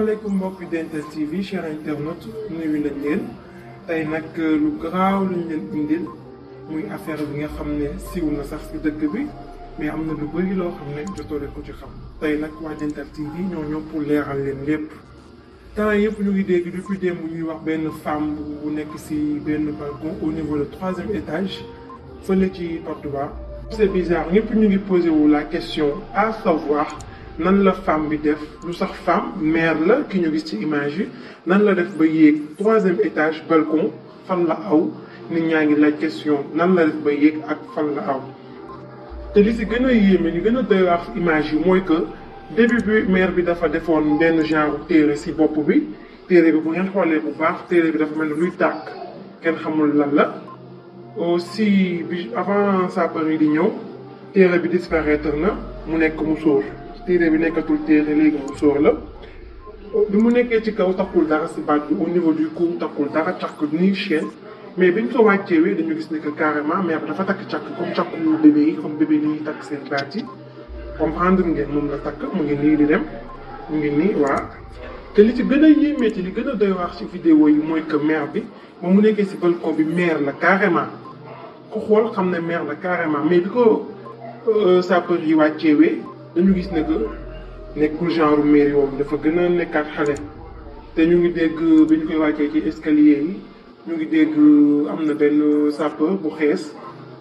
asalaamaaleykum mbokki DNT TV cher internaute nuyu nañ leen tey euh, lu muy affaire bi nga na sax dëkk bi mais bëri ko ci xam. TV ñoo pour leeral leen lépp temps yëpp ñu ngi dégg ñuy wax femme bu nekk balcon au niveau du troisième étage ci c'est bizarre ñëpp ñu ngi poser la question à savoir nan la femme bi femme mère la ki ñu gis ci image yi nan la def ba troisième étage balcon fan la aw nit question nan la def ba yéeg ak la aw. te li si gën a yéeme a image que début bi mère bi dafa defoon benn genre téere si bopp bi téere bi bu ngeen xoolee bu baax téere bi dafa mel luy tàkk kenn xamul la aussi avant sa pari di ñëw téere bi disparaître na mu téere bi nekkatul téere léegi mu sóor la bi mu nekkee ci kaw takkul dara si baat bi au niveau du cou takkul dara càkk ni chien mais biñ ko wàcceewee dañu gis ne que carrément mère dafa takk càkk comme càkk yu bébé yi comme bébé ni takk seen baat yi comprendre ngeen moom la takk mu ngi nii di dem mu ngi nii waa te li ci gën a yéemee ci li gën a doy wax ci vidéo yi mooy que mère bi ba mu nekkee si balcon bi mère la carrément ko xool xam ne mère la carrément mais bi ko euh, sapeur yi wàcceewee dañu gis ne que nekkul genre mairie boobu dafa gën a nekkaat xale te ñu ngi dégg bi ñu koy wàccee ci escalier yi ñu ngi dégg am na benn sapeur bu xees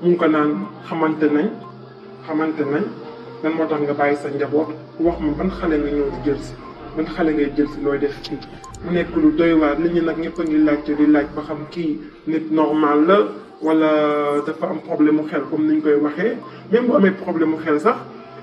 mu ngi ko naan xamante nañ xamante nañ lan moo tax nga bàyyi sa njaboot wax ma ban xale nga ñëw di jël si ban xale ngay jël si looy def fii mu nekk lu doy waar nit ñi nag ñëpp a ngi laajte di laaj ba xam kii nit normal la wala dafa am problème mu xel comme ni ñu koy waxee même bu amee problème mu xel sax.